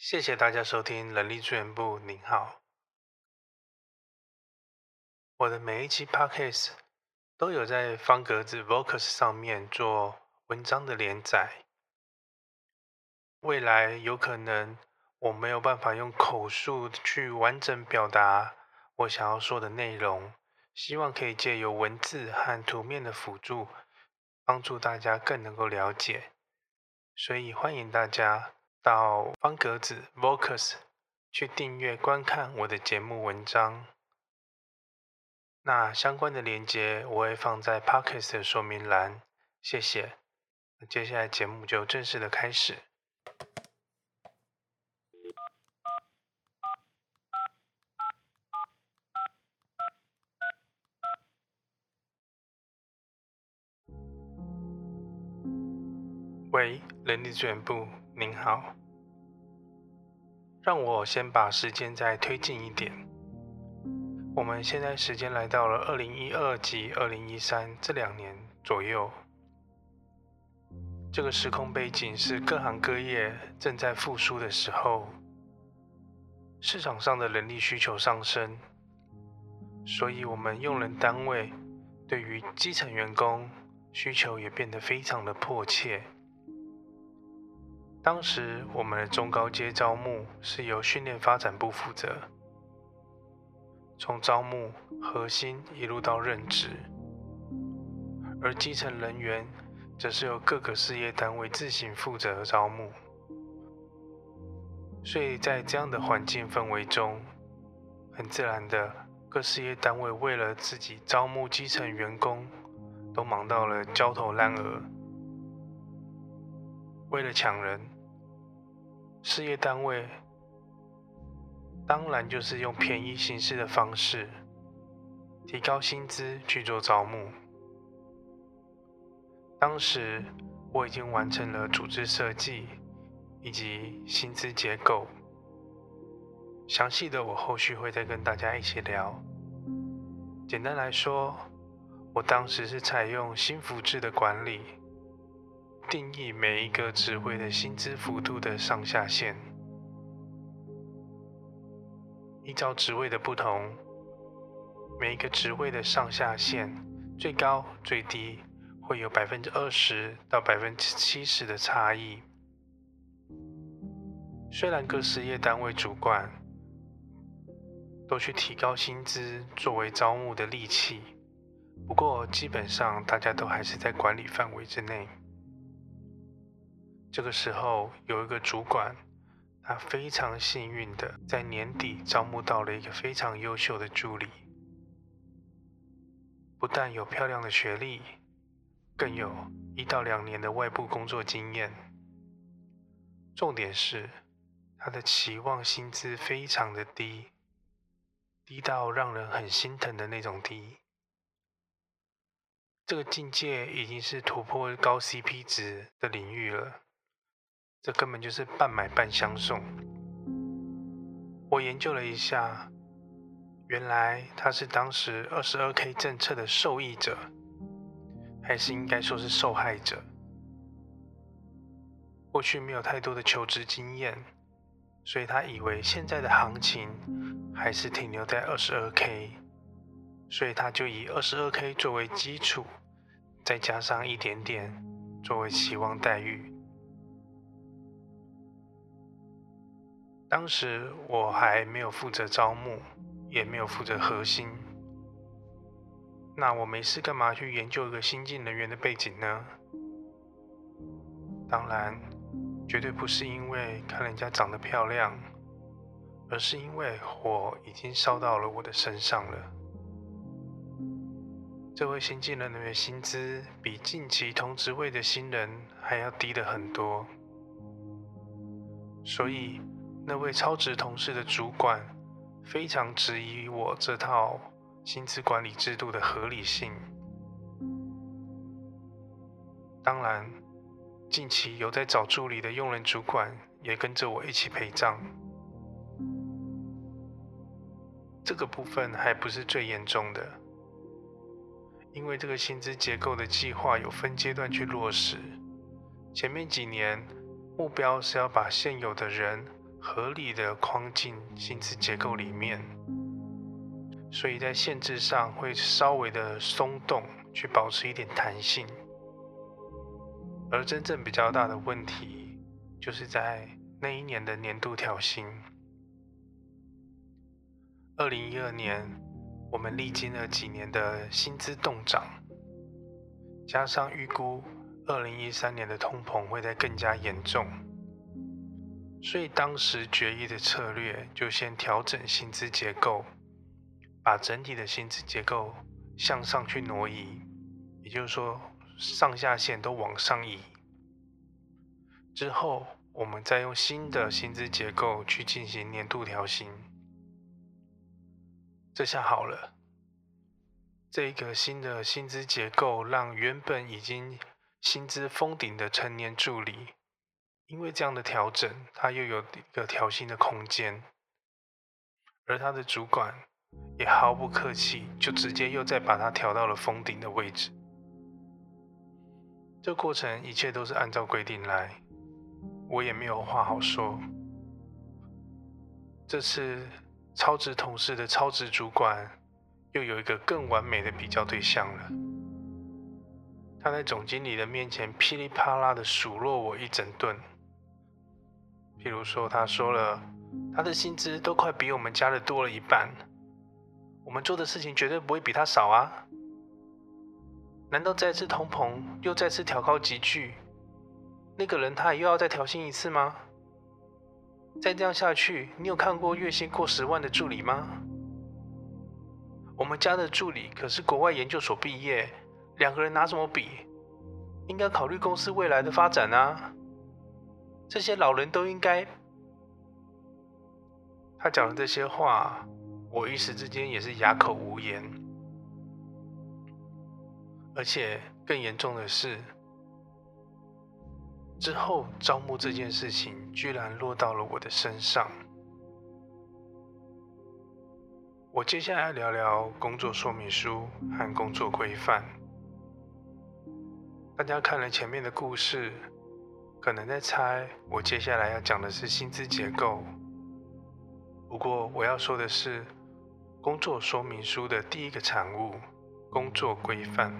謝謝大家收聽人力資源部。您好，我的每一期 Podcast 都有在方格子 Vocus 上面做文章的連載。未來有可能我沒有辦法用口述去完整表達我想要說的內容，希望可以借由文字和圖面的輔助，幫助大家更能夠了解。所以歡迎大家。到方格子 Vocus 去訂閱觀看我的節目文章，那相關的鏈接我會放在 Podcast 的說明欄，謝謝。接下來節目就正式的開始。喂，人力資源部。您好，讓我先把時間再推進一點。我們現在時間來到了二零一二及二零一三這兩年左右，這個時空背景是各行各業正在復甦的時候，市場上的人力需求上升，所以我們用人單位對於基層員工需求也變得非常的迫切。當時我們的中高階招募是由訓練發展部負責，從招募核心一路到任職；而基層人員則是由各個事業單位自行負責招募。所以在這樣的環境氛圍中，很自然的，各事業單位為了自己招募基層員工，都忙到了焦頭爛額。為了搶人，事業單位當然就是用便宜行事的方式提高薪資去做招募。當時我已經完成了組織設計以及薪資結構，詳細的我後續會再跟大家一起聊。簡單來說，我當時是採用薪福制的管理。定義每一個職位的薪資幅度的上下限，依照職位的不同，每一個職位的上下限最高最低會有百分之二十到百分之七十的差異。雖然各事業單位主管都去提高薪資作為招募的利器，不過基本上大家都還是在管理範圍之內。這個時候有一個主管，他非常幸運的在年底招募到了一個非常優秀的助理，不但有漂亮的學歷，更有一到兩年的外部工作經驗。重點是他的期望薪資非常的低，低到讓人很心疼的那種低。這個境界已經是突破高 CP 值的領域了。這根本就是半買半相送。我研究了一下，原來他是當時二十二 K 政策的受益者，還是應該說是受害者。過去沒有太多的求職經驗，所以他以為現在的行情還是停留在二十二 K，所以他就以二十二 K 作為基礎，再加上一點點作為期望待遇。當時我還沒有負責招募，也沒有負責核薪，那我沒事幹嘛去研究一個新進人員的背景呢？當然，絕對不是因為看人家長得漂亮，而是因為火已經燒到了我的身上了。這位新進人員的薪資比近期同職位的新人還要低得很多，所以。那位超值同事的主管非常質疑我這套薪資管理制度的合理性。當然，近期有在找助理的用人主管也跟着我一起陪葬。這個部分還不是最嚴重的，因為這個薪資結構的計劃有分階段去落實。前面幾年目標是要把現有的人。合理的框進薪資結構裡面，所以在限制上會稍微的鬆動，去保持一點彈性。而真正比較大的問題，就是在那一年的年度調薪。二零一二年，我們歷經了幾年的薪資凍漲，加上預估二零一三年的通膨會再更加嚴重。所以當時決議的策略就先調整薪資結構，把整體的薪資結構向上去挪移，也就是說上下限都往上移。之後我們再用新的薪資結構去進行年度調薪。這下好了，這個新的薪資結構讓原本已經薪資封頂的陳年助理。因為這樣的調整，他又有一個調薪的空間，而他的主管也毫不客氣，就直接又再把他調到了封頂的位置。這過程一切都是按照規定來，我也沒有話好說。這次超值同事的超值主管又有一個更完美的比較對象了，他在總經理的面前噼里啪啪啦的數落我一整頓。譬如說，他說了，他的薪資都快比我們家的多了一半，我們做的事情絕對不會比他少啊！難道再次通膨，又再次調高級距？那個人他又要再調薪一次嗎？再這樣下去，你有看過月薪過十萬的助理嗎？我們家的助理可是國外研究所畢業，兩個人拿什麼比？應該考慮公司未來的發展啊！這些老人都應該，他講的這些話，我一時之間也是啞口無言。而且更嚴重的是，之後招募這件事情居然落到了我的身上。我接下來聊聊工作說明書和工作規範。大家看了前面的故事。可能在猜我接下來要講的是薪資結構，不過我要說的是工作說明書的第一個產物——工作規範。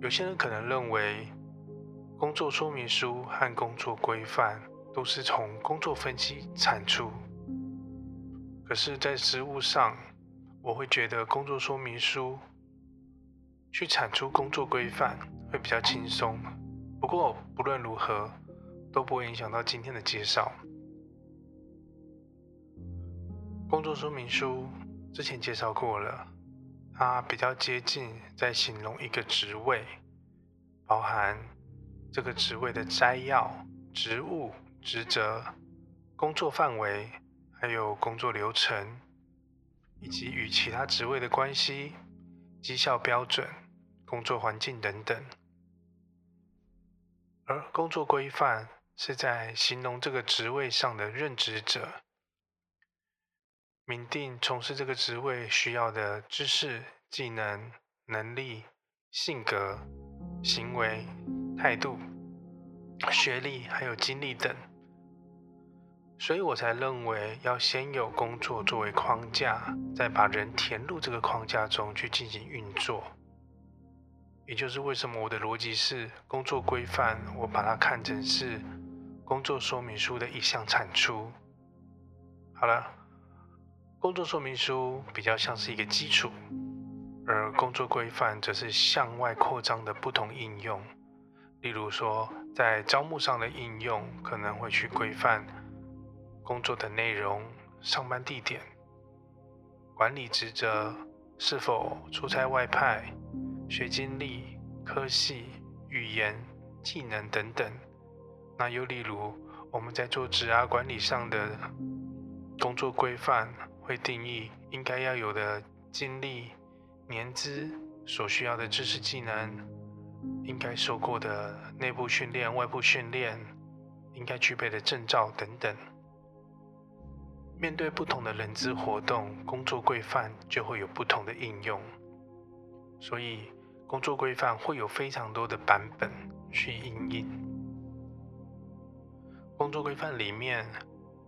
有些人可能認為工作說明書和工作規範都是從工作分析產出，可是，在實務上，我會覺得工作說明書去產出工作規範會比較輕鬆。不過，不論如何，都不會影響到今天的介紹。工作說明書之前介紹過了，它比較接近在形容一個職位，包含這個職位的摘要、職務、職責、工作範圍，還有工作流程，以及與其他職位的關係、績效標準、工作環境等等。而工作規範是在形容這個職位上的任職者，明定從事這個職位需要的知識、技能、能力、性格、行為、態度、學歷還有經歷等，所以我才認為要先有工作作為框架，再把人填入這個框架中去進行運作。也就是為什麼我的邏輯是工作規範，我把它看成是工作說明書的一項產出。好了，工作說明書比較像是一個基礎，而工作規範則是向外擴張的不同應用。例如說，在招募上的應用，可能會去規範工作的內容、上班地點、管理職責、是否出差外派。學經歷、科系、語言、技能等等。那又例如，我們在做職涯、啊、管理上的工作規範，會定義應該要有的經歷、年資、所需要的知識技能、應該受過的內部訓練、外部訓練、應該具備的證照等等。面對不同的人資活動，工作規範就會有不同的應用。所以。工作規範會有非常多的版本去應用。工作規範裡面，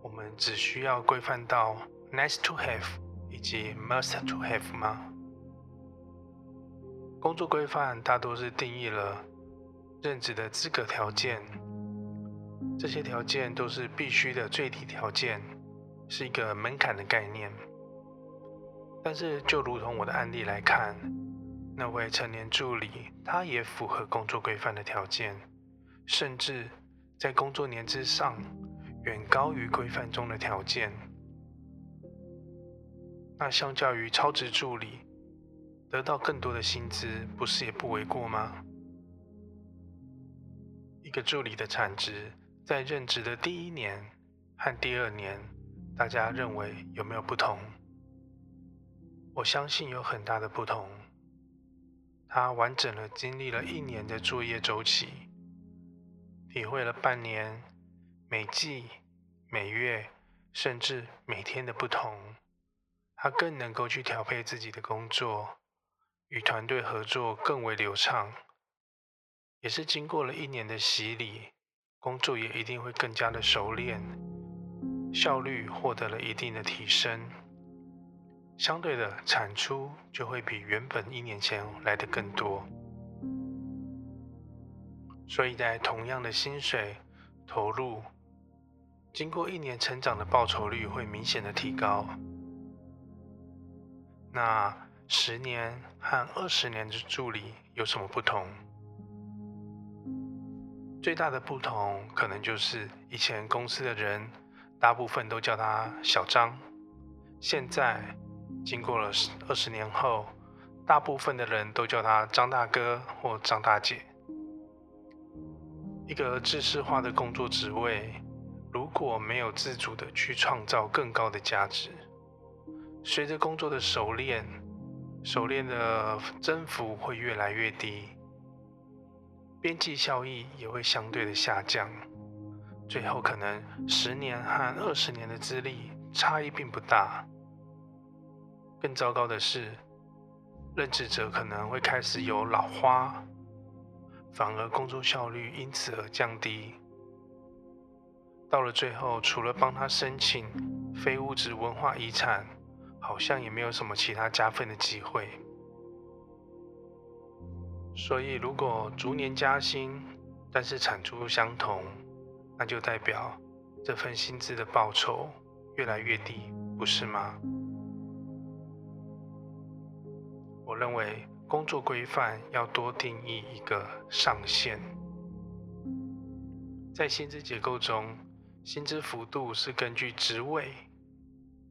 我們只需要規範到 nice to have 以及 must to have 嗎？工作規範大多是定義了任職的資格條件，這些條件都是必須的最低條件，是一個門檻的概念。但是，就如同我的案例來看。那位陳年助理，他也符合工作規範的條件，甚至在工作年資上遠高於規範中的條件。那相較於超值助理，得到更多的薪資，不是也不為過嗎？一個助理的產值，在任職的第一年和第二年，大家認為有沒有不同？我相信有很大的不同。他完整的經歷了一年的作業週期，體會了半年、每季、每月，甚至每天的不同。他更能夠去調配自己的工作，與團隊合作更為流暢。也是經過了一年的洗禮，工作也一定會更加的熟練，效率獲得了一定的提升。相對的產出就會比原本一年前來得更多，所以在同樣的薪水投入，經過一年成長的報酬率會明顯的提高。那十年和二十年的助理有什麼不同？最大的不同可能就是以前公司的人大部分都叫他小張，現在。經過了二十年後，大部分的人都叫他張大哥或張大姐。一個知識化的工作職位，如果沒有自主的去創造更高的價值，隨着工作的熟練，熟練的增幅會越來越低，邊際效益也會相對的下降，最後可能十年和二十年的資歷差異並不大。更糟糕的是，任職者可能會開始有老花，反而工作效率因此而降低。到了最後，除了幫他申請非物質文化遺產，好像也沒有什麼其他加分的機會。所以，如果逐年加薪，但是產出相同，那就代表這份薪資的報酬越來越低，不是嗎？我認為工作規範要多定義一個上限。在薪資結構中，薪資幅度是根據職位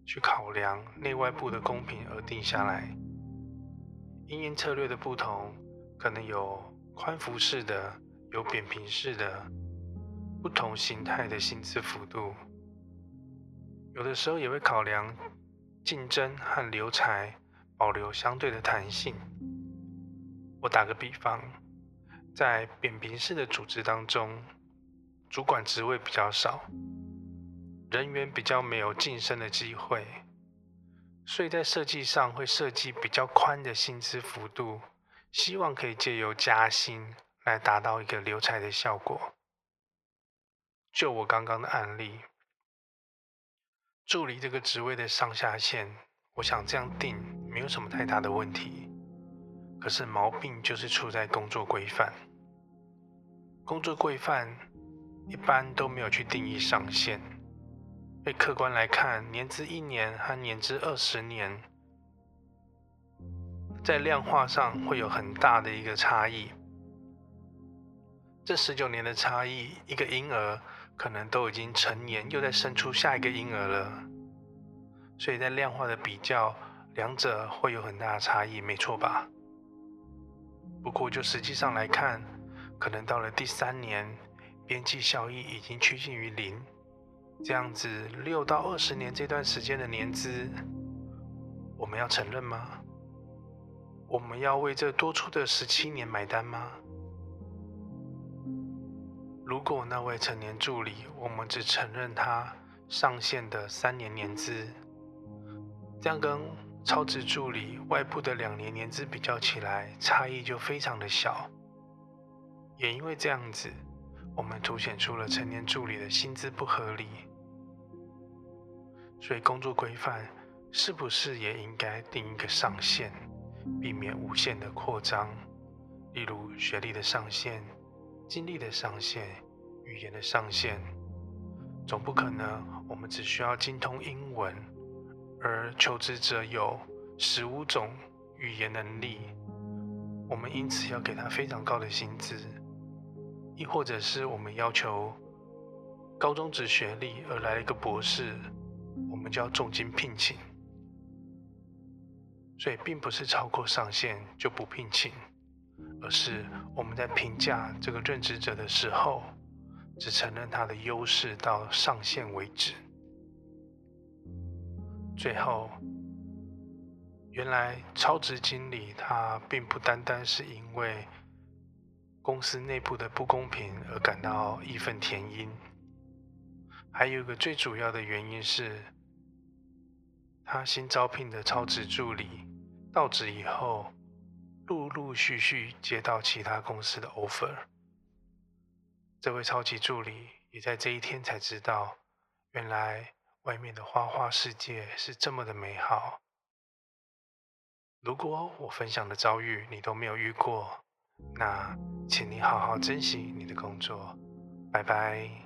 去考量內外部的公平而定下來。因應策略的不同，可能有寬幅式的，有扁平式的，不同形態的薪資幅度。有的時候也會考量競爭和留才。保留相對的彈性。我打個比方，在扁平式的組織當中，主管職位比較少，人員比較沒有晉升的機會，所以在設計上會設計比較寬的薪資幅度，希望可以借由加薪來達到一個留才的效果。就我剛剛的案例，助理這個職位的上下限，我想這樣定。沒有什麼太大的問題，可是毛病就是出在工作規範。工作規範一般都沒有去定義上限，被客觀來看，年資一年和年資二十年，在量化上會有很大的一個差異。這十九年的差異，一個嬰兒可能都已經成年，又在生出下一個嬰兒了，所以在量化的比較。兩者會有很大的差異，沒錯吧？不過，就實際上來看，可能到了第三年，邊際效益已經趨近於零。這樣子，六到二十年這段時間的年資，我們要承認嗎？我們要為這多出的十七年買單嗎？如果那位陳年助理，我們只承認他上線的三年年資，這樣跟超值助理外部的兩年年資比較起來，差異就非常的小。也因為這樣子，我們凸顯出了陳年助理的薪資不合理。所以工作規範是不是也應該定一個上限，避免無限的擴張？例如學歷的上限、經歷的上限、語言的上限，總不可能我們只需要精通英文。而求職者有十五種語言能力，我們因此要給他非常高的薪資，亦或者是我們要求高中職學歷而來了一個博士，我們就要重金聘請。所以並不是超過上限就不聘請，而是我們在評價這個任職者的時候，只承認他的優勢到上限為止。最後，原來超級經理他並不單單是因為公司內部的不公平而感到義憤填膺，還有一個最主要的原因是，他新招聘的超級助理到職以後，陸陸續續接到其他公司的 offer。這位超級助理也在這一天才知道，原來，外面的花花世界是這麼的美好。如果我分享的遭遇你都沒有遇過，那請你好好珍惜你的工作。拜拜。